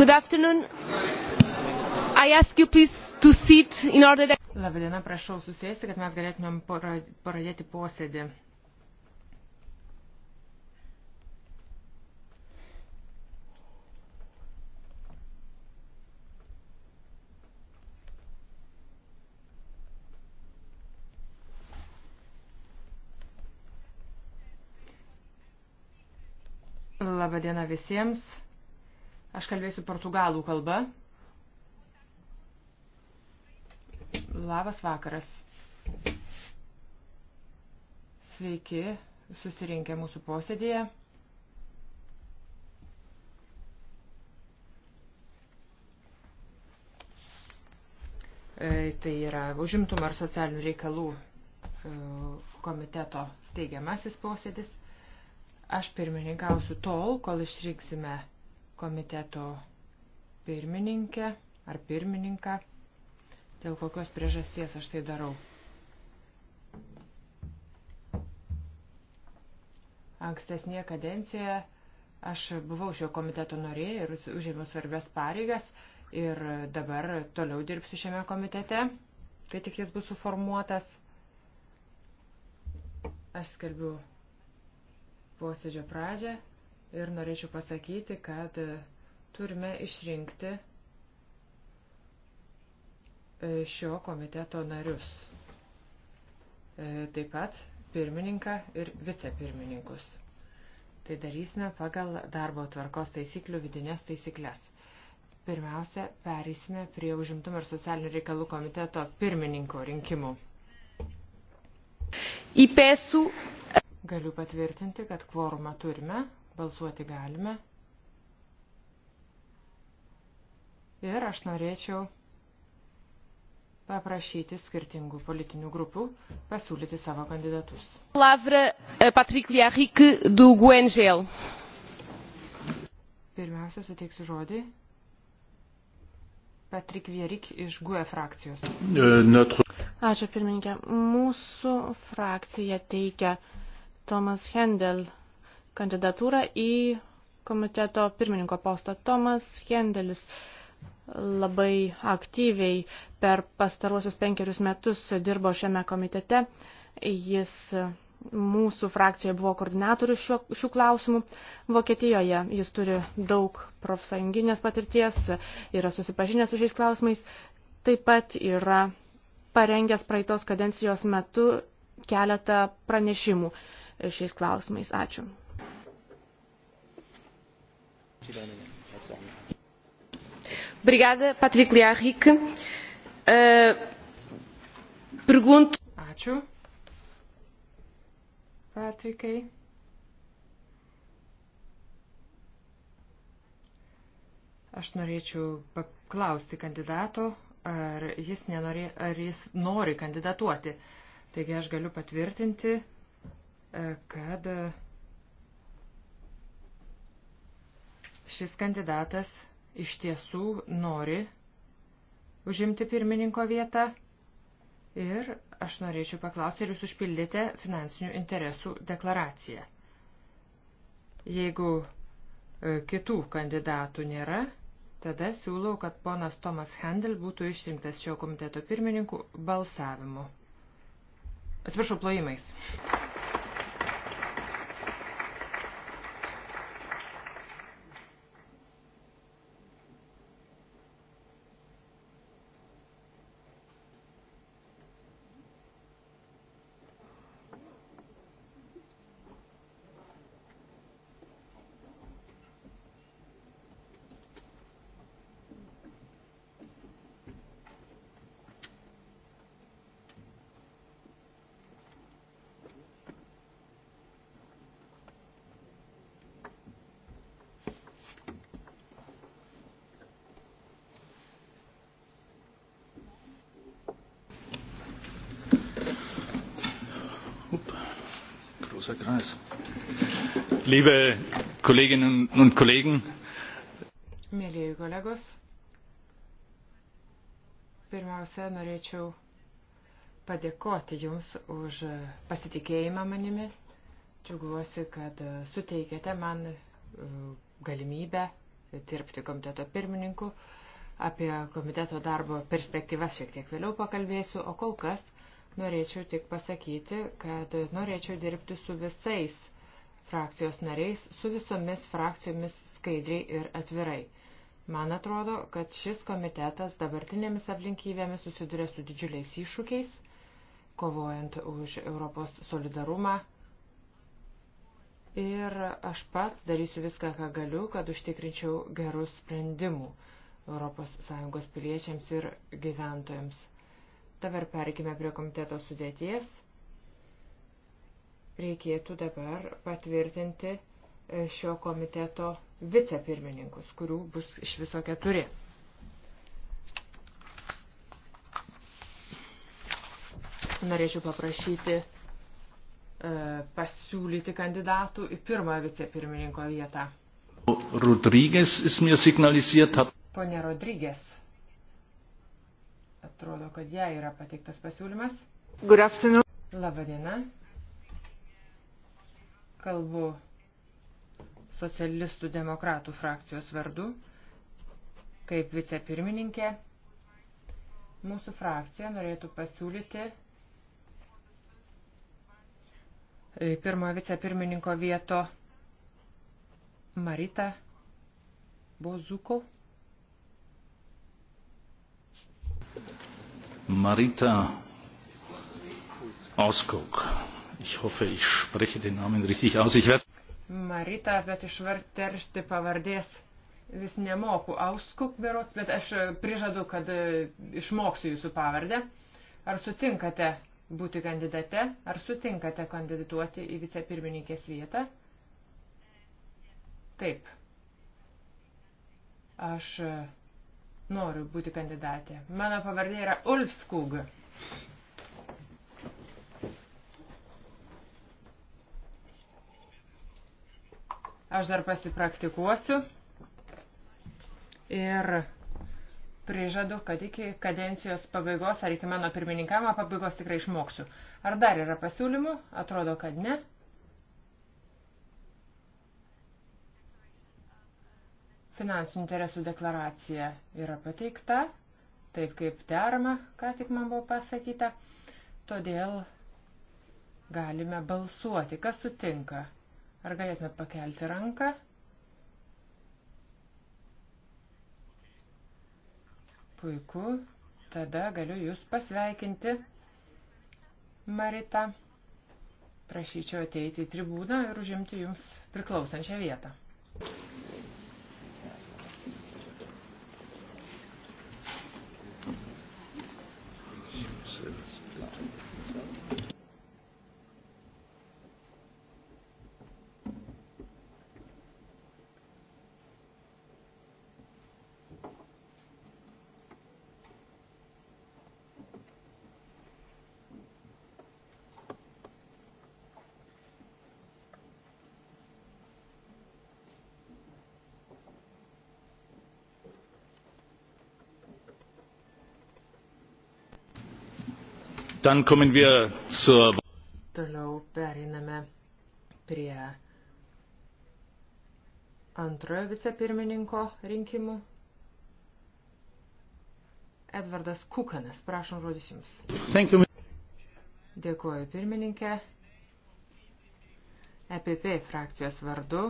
Good afternoon. I ask you please to sit in order that... Labadiena, prašau susėsti, kad mes galėtumėm pradėti posėdį. Labadiena visiems. Aš kalbėsiu portugalų kalba. Labas vakaras. Sveiki, susirinkę mūsų posėdėje. E, tai yra užimtumo ir socialinių reikalų e, komiteto steigiamasis posėdis. Aš pirmininkausiu tol, kol išrinksime komiteto pirmininkę ar pirmininką, dėl kokios priežasties aš tai darau. Ankstesnėje kadencijoje aš buvau šio komiteto norė ir užėmiau svarbias pareigas ir dabar toliau dirbsiu šiame komitete, kai tik jis bus suformuotas. Aš skelbiu posėdžio pradžią ir norėčiau pasakyti, kad e, turime išrinkti e, šio komiteto narius. E, taip pat pirmininką ir vicepirmininkus. Tai darysime pagal darbo tvarkos taisyklių vidinės taisyklės. Pirmiausia, perėsime prie užimtumo ir socialinių reikalų komiteto pirmininko rinkimų. Įpėsų. Galiu patvirtinti, kad kvorumą turime. Balsuoti galime. Ir aš norėčiau paprašyti skirtingų politinių grupių pasiūlyti savo kandidatus. Palavra Patrik Liarik du Guengel. Pirmiausia, suteiksiu žodį. Patrik Vierik iš GUE frakcijos. E, Ačiū pirmininkė. Mūsų frakcija teikia Tomas Hendel kandidatūrą į komiteto pirmininko postą. Tomas Hendelis labai aktyviai per pastaruosius penkerius metus dirbo šiame komitete. Jis mūsų frakcijoje buvo koordinatorius šiuo, šių klausimų. Vokietijoje jis turi daug profsąjunginės patirties, yra susipažinęs su šiais klausimais. Taip pat yra parengęs praeitos kadencijos metu keletą pranešimų šiais klausimais. Ačiū. Obrigada, Patrik Liarik. Eh, pergunto. Ačiū. Patrikai. Aš norėčiau paklausti kandidato, ar jis, nenorė, ar jis nori kandidatuoti. Taigi aš galiu patvirtinti, eh, kad šis kandidatas iš tiesų nori užimti pirmininko vietą ir aš norėčiau paklausti, ar jūs užpildėte finansinių interesų deklaraciją. Jeigu e, kitų kandidatų nėra, tada siūlau, kad ponas Tomas Handel būtų išrinktas šio komiteto pirmininku balsavimu. Atsiprašau, plojimais. Kommissar Kreis. Liebe Kolleginnen und Kollegen. Mėlyjei kolegos, pirmiausia, norėčiau padėkoti Jums už pasitikėjimą manimi. Džiaugiuosi, kad suteikėte man e, galimybę dirbti komiteto pirmininku. Apie komiteto darbo perspektyvas šiek tiek vėliau pakalbėsiu, o kol kas – Norėčiau tik pasakyti, kad norėčiau dirbti su visais frakcijos nariais, su visomis frakcijomis skaidriai ir atvirai. Man atrodo, kad šis komitetas dabartinėmis aplinkybėmis susiduria su didžiuliais iššūkiais, kovojant už Europos solidarumą. Ir aš pats darysiu viską, ką galiu, kad užtikrinčiau gerus sprendimų ES piliečiams ir gyventojams. Dabar perkime prie komiteto sudėties. Reikėtų dabar patvirtinti e, šio komiteto vicepirmininkus, kurių bus iš viso keturi. Norėčiau paprašyti e, pasiūlyti kandidatų į pirmą vicepirmininko vietą. Rodrygės jis mir signaliziert hat. Pone Rodrygės. Atrodo, kad jai yra pateiktas pasiūlymas. Good afternoon. Labadiena. Kalbu socialistų demokratų frakcijos vardu, kaip vicepirmininkė. Mūsų frakcija norėtų pasiūlyti e, pirmojo vicepirmininko vieto Marita Bozuko. Marita Auskog. Ich hoffe, ich spreche den Namen richtig aus. Ich werde Marita, bet išvarteršti pavardės vis nemoku Auskuk beros, bet aš e, prižadu, kad e, išmoksiu jūsų pavardę. Ar sutinkate būti kandidate? Ar sutinkate kandidatuoti į vicepirmininkės vietą? Taip. Aš e, noriu būti kandidatė. Mano pavardė yra Ulfskug. Aš dar pasipraktikuosiu ir prižadu, kad iki kadencijos pabaigos ar iki mano pirmininkavimo pabaigos tikrai išmoksiu. Ar dar yra pasiūlymų? Atrodo, kad ne. finansinių interesų deklaracija yra pateikta, taip kaip derma, ką tik man buvo pasakyta. Todėl galime balsuoti. Kas sutinka? Ar galėtumėt pakelti ranką? Puiku, tada galiu Jūs pasveikinti, Marita. Prašyčiau ateiti į tribūną ir užimti Jums priklausančią vietą. Dann kommen wir zur. Toliau periname prie antrojo vicepirmininko rinkimų. Edvardas Kukanas, prašom žodis Jums. Thank you. Dėkuoju pirmininkė. EPP frakcijos vardu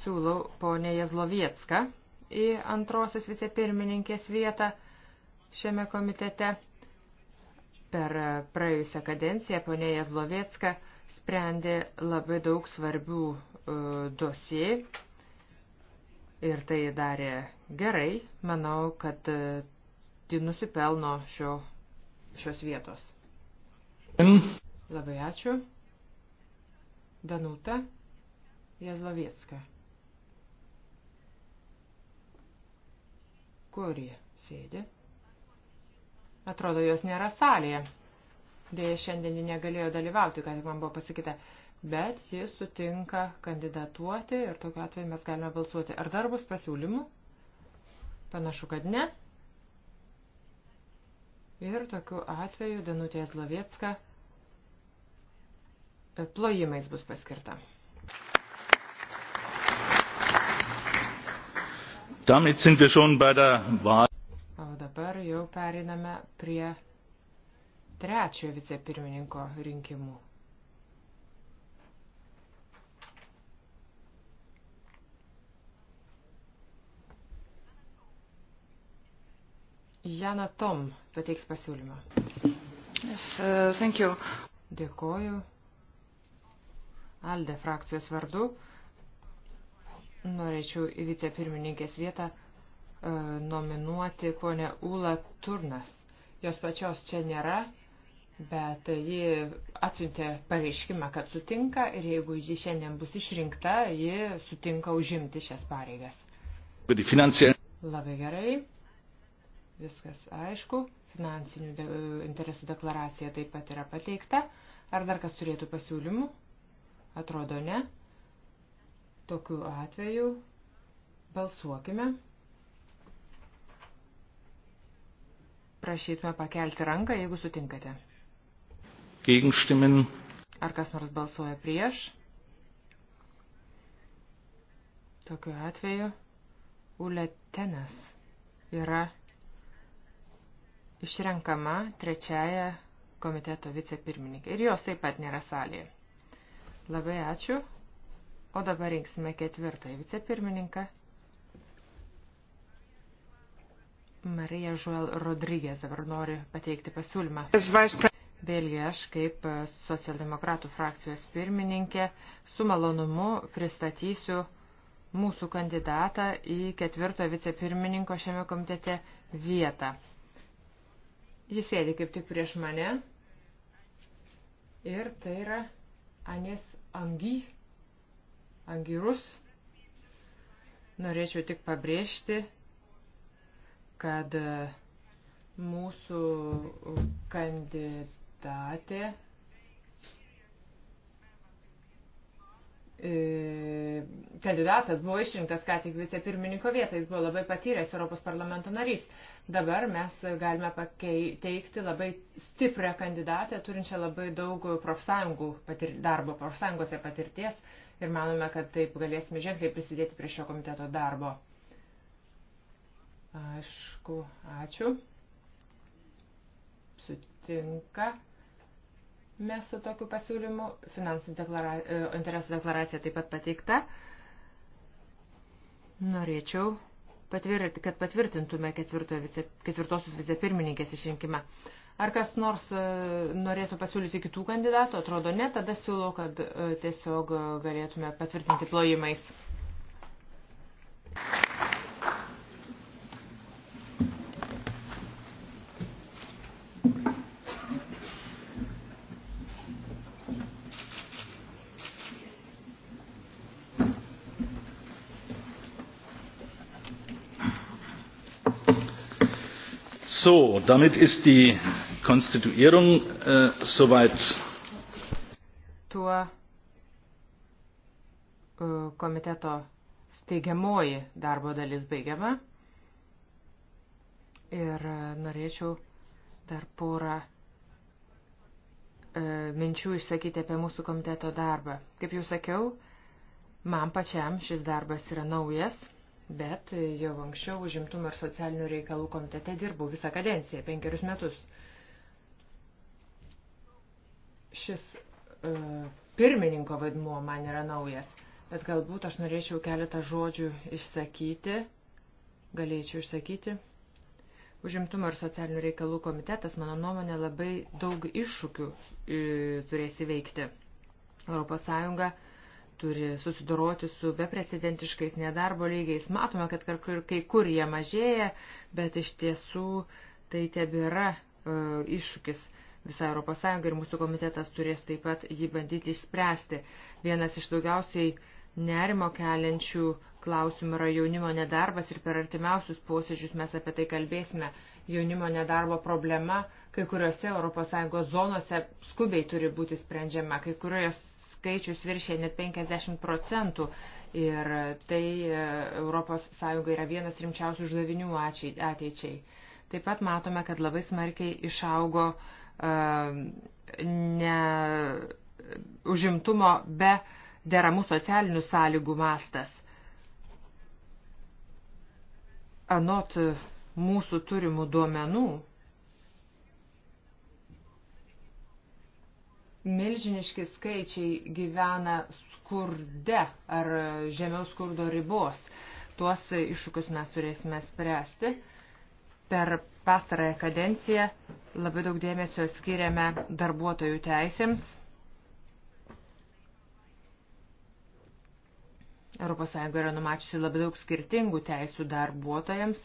siūlau ponę Jezlovietską į antrosios vicepirmininkės vietą šiame komitete. Per praėjusią kadenciją ponė Jazlovėcka sprendė labai daug svarbių e, dosie ir tai darė gerai. Manau, kad e, ji nusipelno šio, šios vietos. Labai ačiū. Danuta Jazlovietska. Kur jie sėdi? Atrodo, jos nėra salėje. Dėja, šiandien ji negalėjo dalyvauti, kad man buvo pasakyta, bet ji sutinka kandidatuoti ir tokiu atveju mes galime balsuoti. Ar dar bus pasiūlymų? Panašu, kad ne. Ir tokiu atveju Danutė Zlovietska plojimais bus paskirta. Damit sind wir schon bei der Wahl. Dabar jau periname prie trečiojo vicepirmininko rinkimų. Jana Tom pateiks pasiūlymą. Yes, uh, thank you. Dėkoju. Alde frakcijos vardu norėčiau į vicepirmininkės vietą E, nominuoti ponę Ūlą Turnas. Jos pačios čia nėra, bet ji atsiuntė pareiškimą, kad sutinka ir jeigu ji šiandien bus išrinkta, ji sutinka užimti šias pareigas. Labai gerai. Viskas aišku. Finansinių de interesų deklaracija taip pat yra pateikta. Ar dar kas turėtų pasiūlymų? Atrodo ne. Tokiu atveju balsuokime. prašytume pakelti ranką, jeigu sutinkate. Gegenstimmen. Ar kas nors balsuoja prieš? Tokiu atveju uletenas yra išrenkama trečiaja komiteto vicepirmininkė. Ir jos taip pat nėra salėje. Labai ačiū. O dabar rinksime ketvirtąjį vicepirmininką. Marija Žuel Rodrygės dabar nori pateikti pasiūlymą. Vėlgi aš kaip socialdemokratų frakcijos pirmininkė su malonumu pristatysiu mūsų kandidatą į ketvirto vicepirmininko šiame komitete vietą. Jis sėdi kaip tik prieš mane ir tai yra Anės Angy, Angyrus. Norėčiau tik pabrėžti, kad e, mūsų kandidatė e, kandidatas buvo išrinktas ką tik vicepirmininko vietą, jis buvo labai patyręs Europos parlamento narys. Dabar mes galime pateikti labai stiprią kandidatę, turinčią labai daug profsąjungų patir, darbo profsąjungose patirties ir manome, kad taip galėsime ženkliai prisidėti prie šio komiteto darbo. Aišku, ačiū. Sutinka. Mes su tokiu pasiūlymu finansų deklara... E, interesų deklaracija taip pat pateikta. Norėčiau, patvirt, kad patvirtintume vice, ketvirtosios vicepirmininkės išrinkimą. Ar kas nors e, norėtų pasiūlyti kitų kandidatų? Atrodo ne, tada siūlau, kad e, tiesiog galėtume patvirtinti plojimais. So, damit ist die Konstituierung äh, soweit. Tuo äh, komiteto steigiamoji darbo dalis baigiama. Ir äh, norėčiau dar porą äh, minčių išsakyti apie mūsų komiteto darbą. Kaip jau sakiau, man pačiam šis darbas yra naujas bet jau anksčiau užimtumo ir socialinių reikalų komitete dirbau visą kadenciją, penkerius metus. Šis e, pirmininko vaidmuo man yra naujas, bet galbūt aš norėčiau keletą žodžių išsakyti, galėčiau išsakyti. Užimtumo ir socialinių reikalų komitetas, mano nuomonė, labai daug iššūkių e, turės įveikti. Europos Sąjunga e, turi susidoroti su beprecedentiškais nedarbo lygiais. Matome, kad kai kur jie mažėja, bet iš tiesų tai tebėra e, iššūkis visai ES ir mūsų komitetas turės taip pat jį bandyti išspręsti. Vienas iš daugiausiai nerimo keliančių klausimų yra jaunimo nedarbas ir per artimiausius posėdžius mes apie tai kalbėsime. Jaunimo nedarbo problema kai kuriuose ES zonose skubiai turi būti sprendžiama, kai kurios skaičius viršė net 50 procentų ir tai ES yra vienas rimčiausių uždavinių ateičiai. Taip pat matome, kad labai smarkiai išaugo uh, ne, užimtumo be deramų socialinių sąlygų mastas. Anot mūsų turimų duomenų, milžiniški skaičiai gyvena skurde ar žemiau skurdo ribos. Tuos iššūkius mes turėsime spręsti. Per pastarąją kadenciją labai daug dėmesio skiriame darbuotojų teisėms. ES yra numačiusi labai daug skirtingų teisų darbuotojams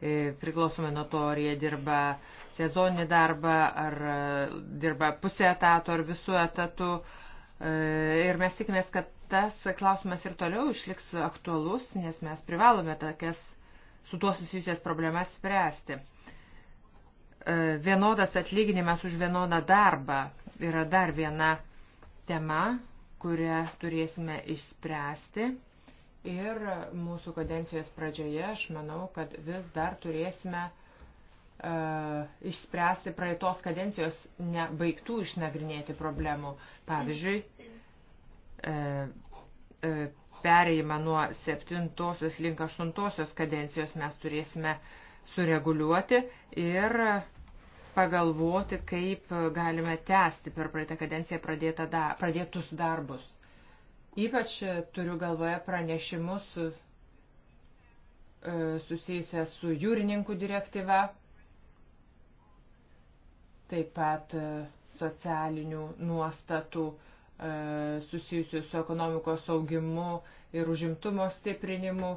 E, priklausomai nuo to, ar jie dirba sezoninį darbą, ar e, dirba pusę etato, ar visų etatų. E, ir mes tikimės, kad tas klausimas ir toliau išliks aktualus, nes mes privalome tokias su tuo susijusias problemas spręsti. Vienodas atlyginimas už vienodą darbą yra dar viena tema, kurią turėsime išspręsti Ir mūsų kadencijos pradžioje aš manau, kad vis dar turėsime uh, išspręsti praeitos kadencijos nebaigtų išnagrinėti problemų. Pavyzdžiui, uh, uh, perėjimą nuo septintosios link aštuntosios kadencijos mes turėsime sureguliuoti ir pagalvoti, kaip galime tęsti per praeitą kadenciją pradėtus darbus. Ypač turiu galvoje pranešimus e, susijusią su jūrininkų direktyva, taip pat e, socialinių nuostatų e, susijusių su ekonomikos augimu ir užimtumo stiprinimu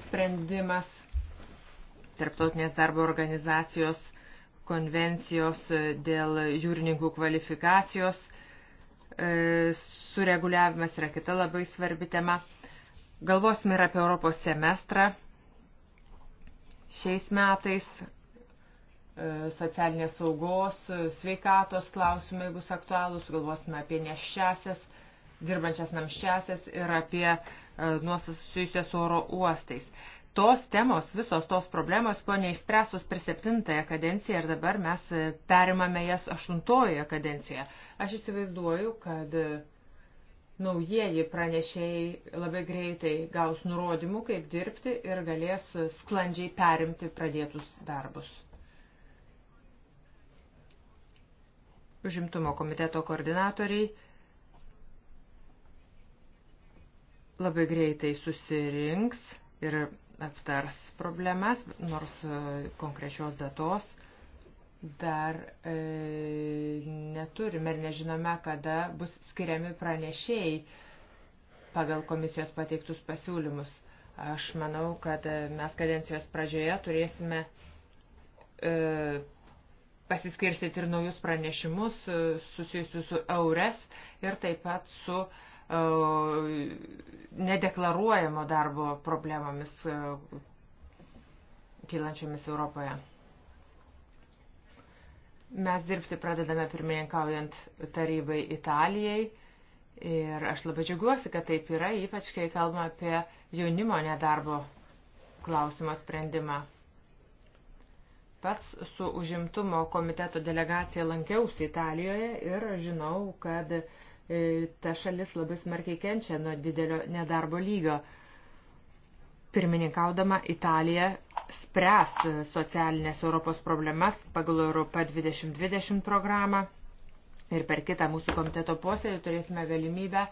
sprendimas Tarptautinės darbo organizacijos konvencijos dėl jūrininkų kvalifikacijos E, sureguliavimas yra kita labai svarbi tema. Galvosime ir apie Europos semestrą. Šiais metais e, socialinės saugos, sveikatos klausimai bus aktualūs, galvosime apie neščiasias, dirbančias namščiasias ir apie e, nuostatas susijusias oro uostais tos temos, visos tos problemos buvo neišspręstos per septintąją kadenciją ir dabar mes e, perimame jas aštuntojoje kadencijoje. Aš įsivaizduoju, kad e, naujieji pranešėjai labai greitai gaus nurodymų, kaip dirbti ir galės sklandžiai perimti pradėtus darbus. Užimtumo komiteto koordinatoriai labai greitai susirinks ir aptars problemas, nors e, konkrečios datos dar e, neturime ir nežinome, kada bus skiriami pranešėjai pagal komisijos pateiktus pasiūlymus. Aš manau, kad e, mes kadencijos pradžioje turėsime e, pasiskirstyti ir naujus pranešimus e, susijusius su eures ir taip pat su e, E, nedeklaruojamo darbo problemomis e, kylančiomis Europoje. Mes dirbti pradedame pirmininkaujant tarybai Italijai ir aš labai džiaugiuosi, kad taip yra, ypač kai kalbame apie jaunimo nedarbo klausimo sprendimą. Pats su užimtumo komiteto delegacija lankiausi Italijoje ir žinau, kad uh, E, ta šalis labai smarkiai kenčia nuo didelio nedarbo lygio. Pirmininkaudama Italija spręs socialinės Europos problemas pagal Europą 2020 programą ir per kitą mūsų komiteto posėdį turėsime galimybę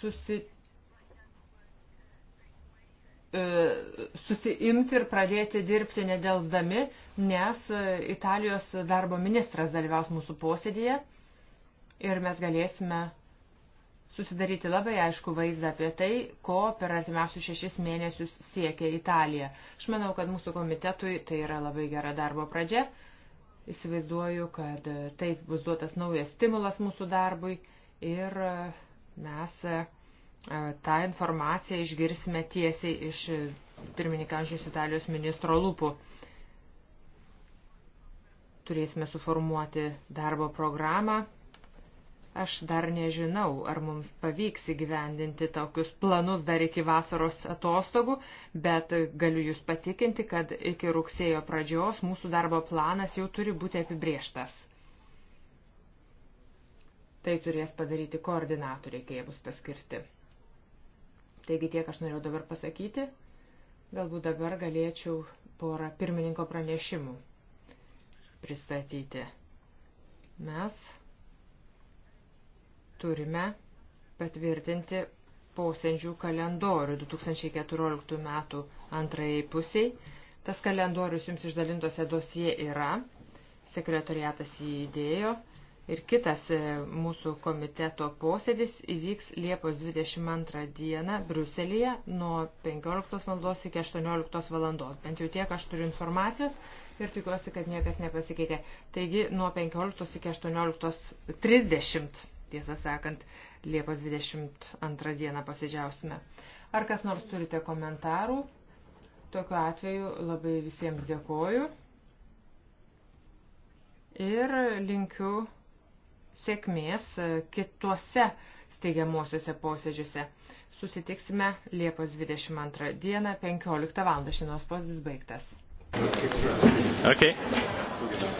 susi, e, susiimti ir pradėti dirbti nedelsdami, nes Italijos darbo ministras dalyvaus mūsų posėdėje ir mes galėsime susidaryti labai aišku vaizdą apie tai, ko per artimiausius šešis mėnesius siekia Italija. Aš manau, kad mūsų komitetui tai yra labai gera darbo pradžia. Įsivaizduoju, kad taip bus duotas naujas stimulas mūsų darbui ir e, mes e, tą informaciją išgirsime tiesiai iš pirmininkančios Italijos ministro lūpų. Turėsime suformuoti darbo programą Aš dar nežinau, ar mums pavyks įgyvendinti tokius planus dar iki vasaros atostogų, bet galiu Jūs patikinti, kad iki rugsėjo pradžios mūsų darbo planas jau turi būti apibrieštas. Tai turės padaryti koordinatoriai, kai jie bus paskirti. Taigi tiek aš norėjau dabar pasakyti. Galbūt dabar galėčiau porą pirmininko pranešimų pristatyti. Mes turime patvirtinti posėdžių kalendorių 2014 metų antrajai pusiai. Tas kalendorius jums išdalintose dosie yra, sekretoriatas jį įdėjo ir kitas e, mūsų komiteto posėdis įvyks Liepos 22 dieną Bruselėje nuo 15 val. iki 18 val. Bent jau tiek aš turiu informacijos ir tikiuosi, kad niekas nepasikeitė. Taigi nuo 15 iki 18.30 tiesą sakant, Liepos 22 dieną posėdžiausime. Ar kas nors turite komentarų? Tokiu atveju labai visiems dėkoju ir linkiu sėkmės kituose steigiamuosiuose posėdžiuose. Susitiksime Liepos 22 dieną 15 val. Šiandienos posėdis baigtas. Okay.